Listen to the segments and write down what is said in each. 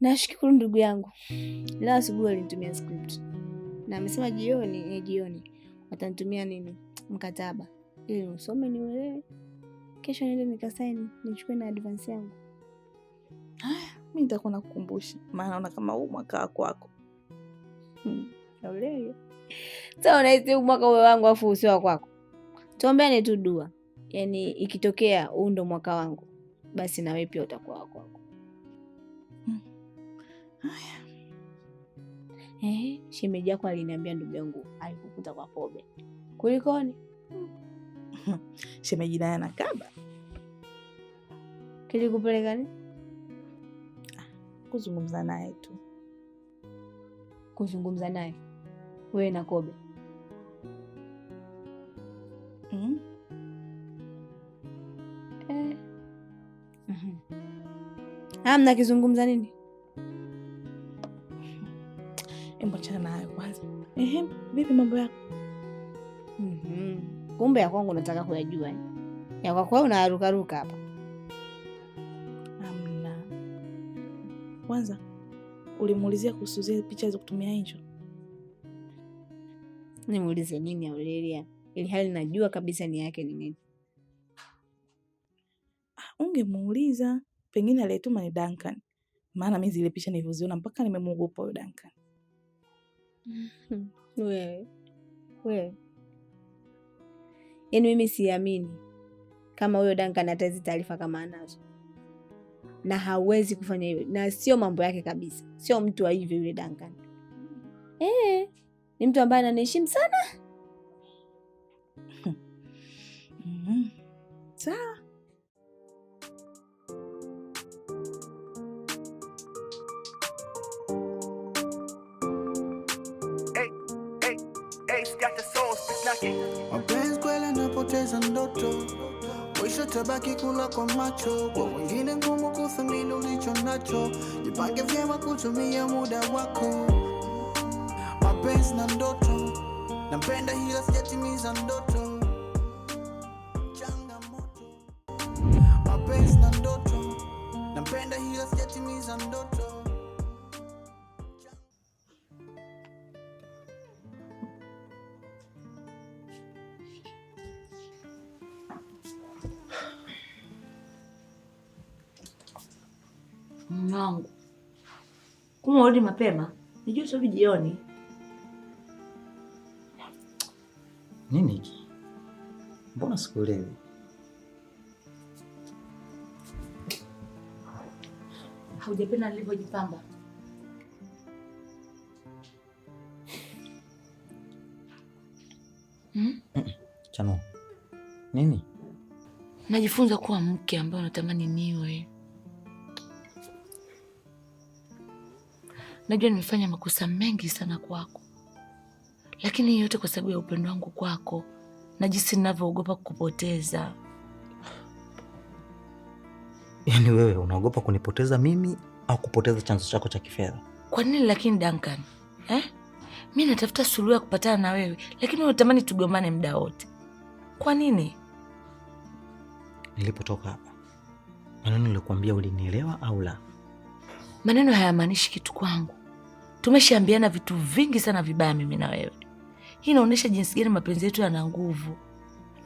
Nashukuru ndugu yangu, leo asubuhi alinitumia script na amesema jioni eh, jioni atanitumia nini mkataba ili nisome niuelewe, kesho niende nikasaini nichukue na advance yangu. Haya, ah, mi nitakuwa nakukumbusha, maana naona kama huu mwaka wako wako hmm, aulele sa unahisi huu mwaka uwe wangu afu usio kwako. Tuombeane tu dua, yaani ikitokea huu ndo mwaka wangu, basi nawe pia utakuwa wakwako. Eh, shemeji yako aliniambia ndugu yangu alikukuta kwa Pobe. Kulikoni? Shemeji naye anakaba. Kilikupeleka ni? Kuzungumza naye tu. Kuzungumza naye? Wewe na Kobe? Mm. Eh. Mhm. Hamna ah, kizungumza nini? kuachana nayo kwanza. Ehe, vipi mambo yako? mm -hmm. Kumbe ya kwangu unataka kuyajua ya kwako wewe unarukaruka hapa. Amna, kwanza ulimuulizia kuhusu zile picha za kutumia hicho? Nimuulize nini Aurelia ili hali najua kabisa ni yake ni nini? Ah, ungemuuliza pengine aliyetuma ni Duncan, maana mi zile picha nilivyoziona mpaka nimemwogopa huyo Duncan. Wewe wewe, yaani mimi siamini kama huyo Dankana hata hizi taarifa kama anazo, na hawezi kufanya hivyo, na sio mambo yake kabisa. Sio mtu wa hivyo yule Dankana. Eh, ni mtu ambaye ananiheshimu sana mm-hmm. kwa macho, kwa wengine ngumu kuthamini ulicho nacho. Jipange vyema kutumia muda wako, mapenzi na ndoto. Nampenda hila sijatimiza ndoto, changamoto. Mapenzi na ndoto, nampenda hila sijatimiza ndoto kama urudi mapema nijue sobi jioni. Nini hiki? Mbona sikuelewi? Haujapenda nilivyojipamba? Hmm? Chano. Nini? Najifunza kuwa mke ambaye natamani niwe. Najua nimefanya makosa mengi sana kwako, lakini yote kwa sababu ya upendo wangu kwako na jinsi ninavyoogopa kukupoteza. Yaani wewe unaogopa kunipoteza mimi au kupoteza chanzo chako cha kifedha? Kwa nini lakini Duncan eh? Mi natafuta suluhu ya kupatana na wewe, lakini unatamani tugombane muda wote. Kwa nini? Nilipotoka hapa, maneno nilikuambia ulinielewa au la? Maneno hayamaanishi kitu kwangu. Tumeshaambiana vitu vingi sana vibaya mimi na wewe. Hii inaonyesha jinsi gani mapenzi yetu yana nguvu.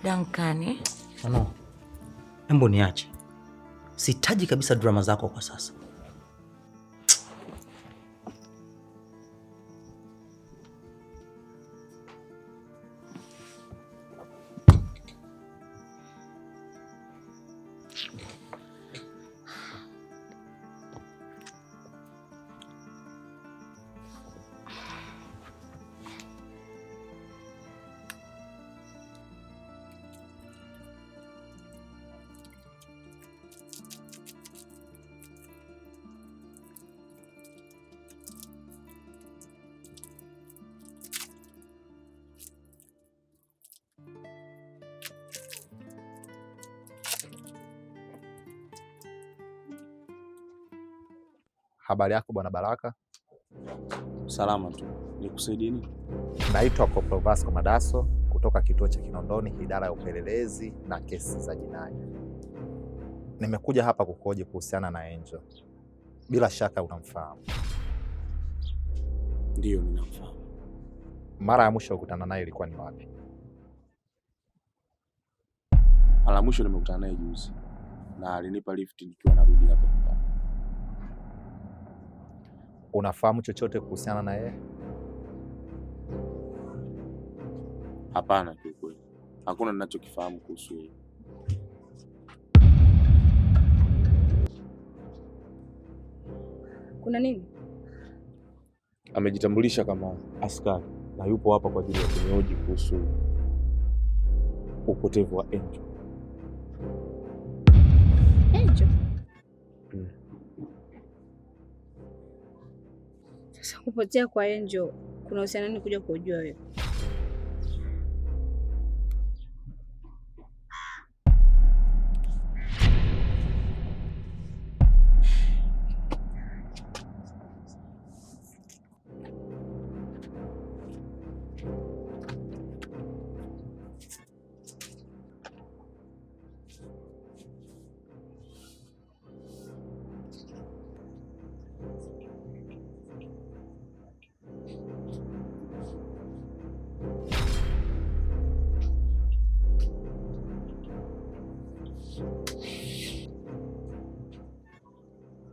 Dankani, eh? hebu niache, sitaji kabisa drama zako kwa sasa. Habari yako bwana Baraka? Salama tu, nikusaidie nini? Naitwa Koplo Vasco Madaso kutoka kituo cha Kinondoni, idara ya upelelezi na kesi za jinai. Nimekuja hapa kukoje kuhusiana na Angel? Bila shaka unamfahamu. Ndiyo, ninamfahamu. Mara ya mwisho kukutana naye ilikuwa ni wapi? Mara ya mwisho nimekutana naye juzi na alinipa lift nikiwa narudi hapa. Unafahamu chochote kuhusiana na yeye? Hapana, kiukweli hakuna ninachokifahamu kuhusu yeye. Kuna nini? Amejitambulisha kama askari na yupo hapa kwa ajili ya kunioji kuhusu upotevu wa Angel. Kupotea kwa Angel kuna uhusiano gani kuja kujua wewe?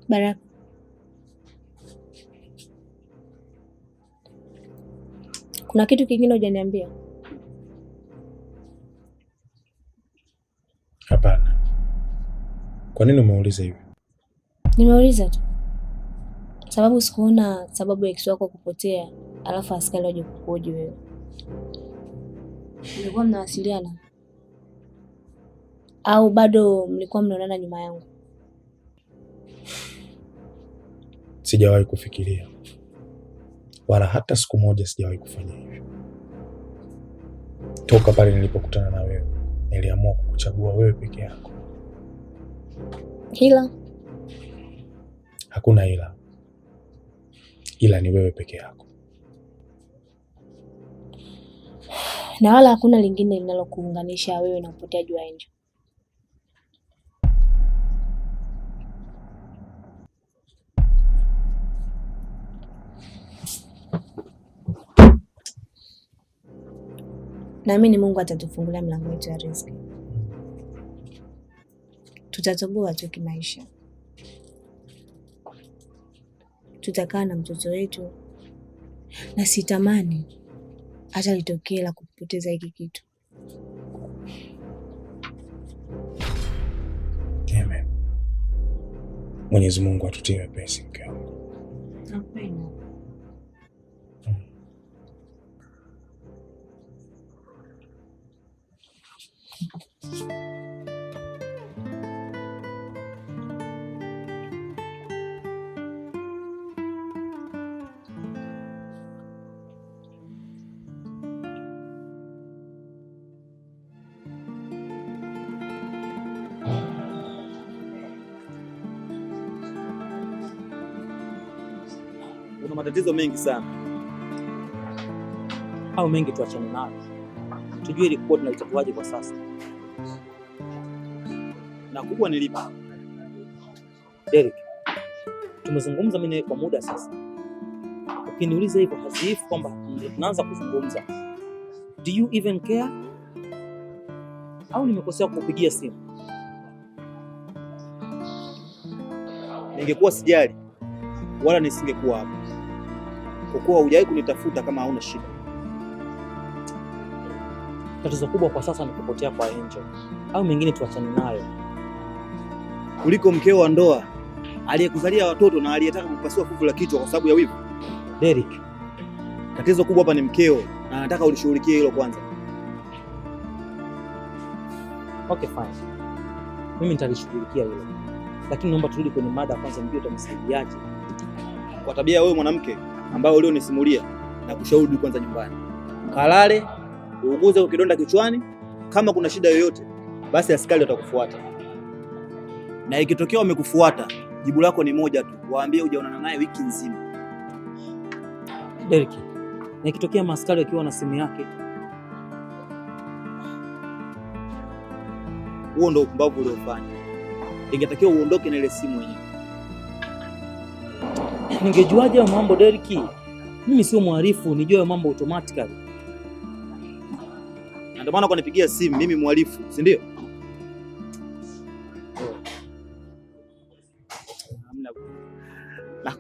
Barack. kuna kitu kingine hujaniambia? Hapana. Kwa nini umeuliza hivyo? Nimeuliza tu sababu sikuona sababu ya kisi wako kupotea, alafu askari waje kukuhoji wewe. Mlikuwa mnawasiliana au bado mlikuwa mnaonana nyuma yangu? sijawahi kufikiria wala hata siku moja sijawahi kufanya hivyo. Toka pale nilipokutana na wewe, niliamua kukuchagua wewe peke yako. Ila hakuna ila, ila ni wewe peke yako, na wala hakuna lingine linalokuunganisha wewe na upoteaji wa Angel. Naamini Mungu atatufungulia mlango wetu ya riziki, tutatoboa tu kimaisha, tutakaa na mtoto wetu, na sitamani hata litokee la kupoteza hiki kitu. Amen. Mwenyezi Mungu atutie wepesi mke wangu. Kuna matatizo mengi sana au mengi, tuachane nayo, tujue ilikuwa tunalitatuaje kwa sasa na kubwa ni lipi? Derek, tumezungumza mimi kwa muda sasa. Ukiniuliza hivyo hazifu kwamba tunaanza kuzungumza, do you even care? Au nimekosea kukupigia simu? Ningekuwa sijali wala nisingekuwa hapa, kwa kuwa hujawahi kunitafuta kama hauna shida. Tatizo kubwa kwa sasa ni kupotea kwa Angel, au mengine tuachane nayo kuliko mkeo wa ndoa aliyekuzalia watoto na aliyetaka kupasua fuvu la kichwa kwa sababu ya wivu? Derek, tatizo kubwa hapa ni mkeo, na nataka ulishughulikie hilo kwanza. Okay, fine. Mimi nitalishughulikia hilo, lakini naomba turudi kwenye mada kwanza, mjue utamsaidiaje kwa tabia ya wewe mwanamke ambayo ulionisimulia na kushauri. Kwanza nyumbani kalale, uuguze kidonda kichwani. Kama kuna shida yoyote, basi askari watakufuata na ikitokea wamekufuata, jibu lako ni moja tu, waambie hujaonana naye wiki nzima. Derek, na ikitokea maskari akiwa na simu yake, huo ndo upumbavu uliofanya. Ingetakiwa uondoke na ile simu yenyewe. Ningejuaje mambo Derek? Mimi sio mwarifu, nijue mambo automatically. Ndio maana kanipigia simu mimi mwarifu, si ndio?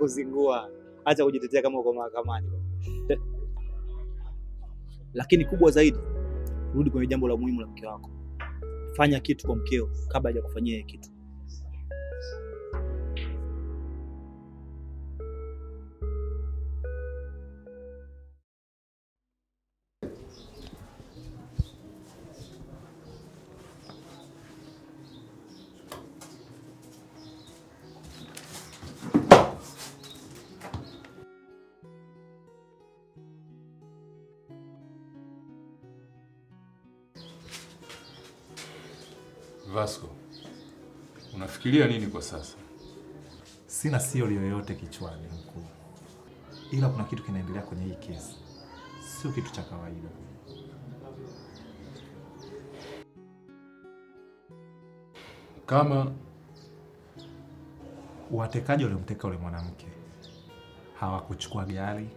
kuzingua, acha kujitetea kama uko mahakamani. Lakini kubwa zaidi, rudi kwenye jambo la muhimu la mke wako. Fanya kitu kwa mkeo kabla hajakufanyia kitu. Vasco, unafikiria nini kwa sasa? Sina siri yoyote kichwani mkuu, ila kuna kitu kinaendelea kwenye hii kesi, sio kitu cha kawaida. Kama watekaji waliomteka ule mwanamke hawakuchukua gari,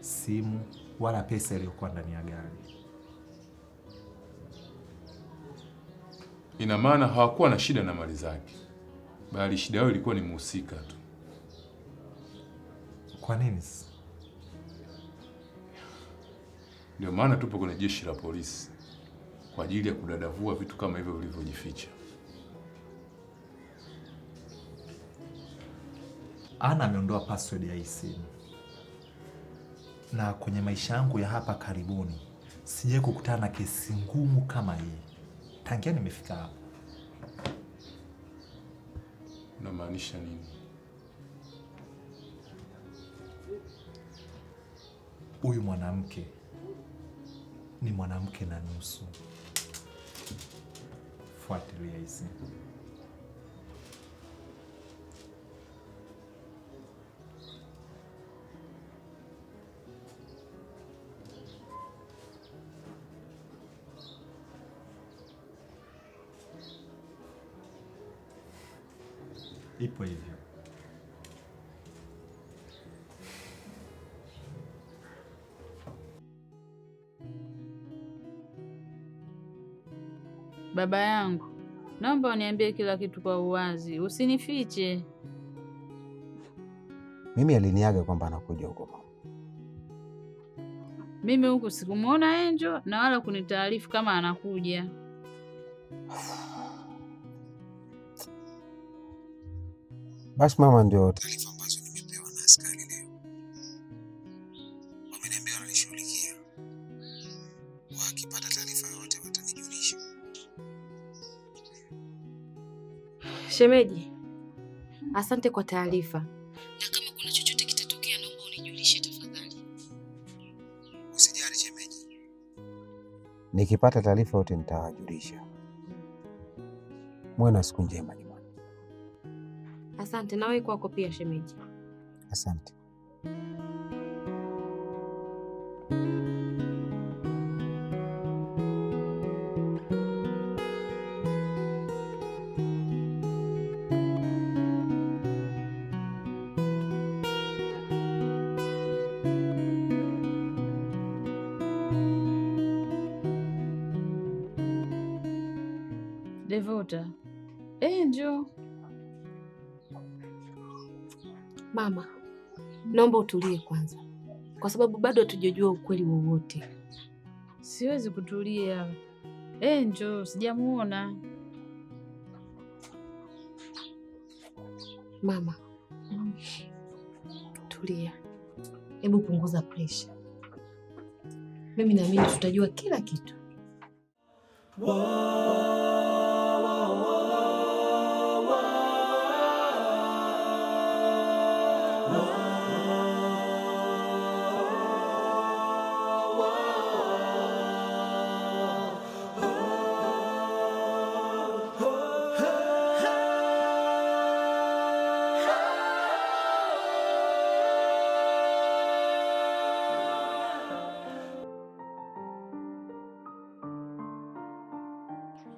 simu wala pesa iliyokuwa ndani ya gari Ina maana hawakuwa na shida na mali zake, bali shida yao ilikuwa ni mhusika tu. Kwa nini? Ndio maana tupo kwenye jeshi la polisi kwa ajili ya kudadavua vitu kama hivyo vilivyojificha. Ana ameondoa password ya hii simu, na kwenye maisha yangu ya hapa karibuni sijai kukutana na kesi ngumu kama hii tangia nimefika hapa. Unamaanisha nini? Huyu mwanamke ni mwanamke na nusu. Fuatilia hizi Ndipo hivyo. Baba yangu, naomba uniambie kila kitu kwa uwazi, usinifiche. Mimi aliniaga kwamba anakuja huko mama. Mimi huku sikumwona Enjo na wala kunitaarifu kama anakuja Basi mama, ndio taarifa ambazo nimepewa na askari leo. Wameniambia wanalishughulikia, wakipata taarifa yoyote watanijulisha. Shemeji, asante kwa taarifa, na kama kuna chochote kitatokea, naomba unijulishe tafadhali. Usijali shemeji, nikipata taarifa yote nitawajulisha. Mwe na siku njema. Asante na kwako pia shemeji. Asante. Devota, eh, njoo Mama, naomba utulie kwanza, kwa sababu bado hatujajua ukweli wowote. Siwezi kutulia. Enjo sijamuona mama. Mm. Tulia, hebu punguza presha. Mimi naamini tutajua kila kitu. Wow.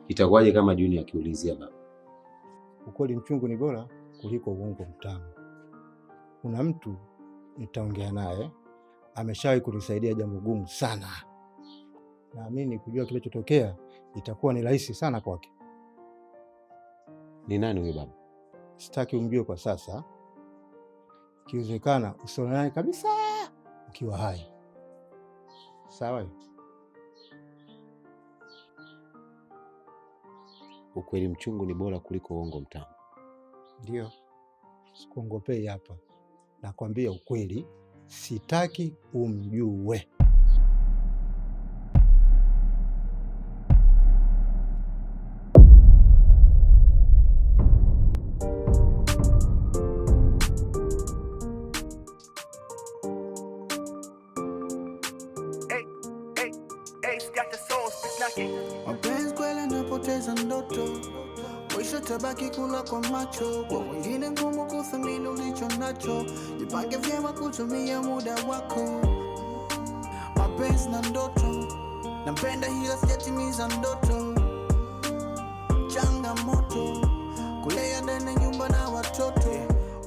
Itakuwaje kama Juni akiulizia baba? Ukweli mchungu ni bora kuliko uongo mtamu. Kuna mtu nitaongea naye, ameshawahi kunisaidia jambo gumu sana. Naamini kujua kilichotokea itakuwa ni rahisi sana kwake. Ni nani huyo baba? Sitaki umjue kwa sasa, ikiwezekana usionane kabisa ukiwa hai. Sawa. ukweli mchungu ni bora kuliko uongo mtamu. Ndio sikuongopei hapa, nakwambia ukweli, sitaki umjue. moto, mwisho tabaki kula kwa macho, kwa wengine ngumu kuthamini ulicho nacho. Jipange vyema kutumia muda wako, mapenzi na ndoto. Nampenda hila sijatimiza ndoto, changamoto kulea ndani nyumba na watoto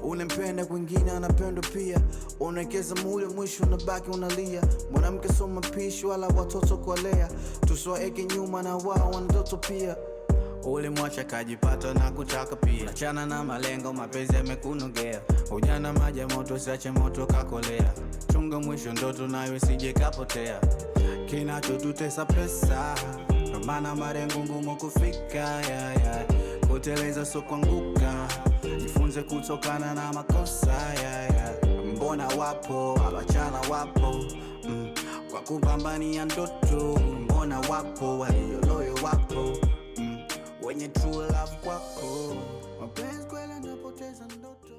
Unampenda kwingine anapendwa pia, unaekeza mule, mwisho unabaki unalia. Mwanamke sio mapishi wala watoto kuwalea, tusiwaeke nyuma, na wao wana ndoto pia. Ulimwacha kajipata na kutaka pia, achana na malengo, mapenzi yamekunogea. Ujana maji ya moto, siache moto kakolea. Chunga mwisho ndoto nayo sije kapotea. Kinachotutesa pesa, ndo marengo malengo ngumu kufika. yeah, yeah. Kuteleza so kuanguka, jifunze kutokana na makosa. yeah, Mbona wapo abachana wapo mm. kwa kupambania ndoto. Mbona wapo walioloyo wapo kwenye true love kwako, mapenzi kweli napoteza ndoto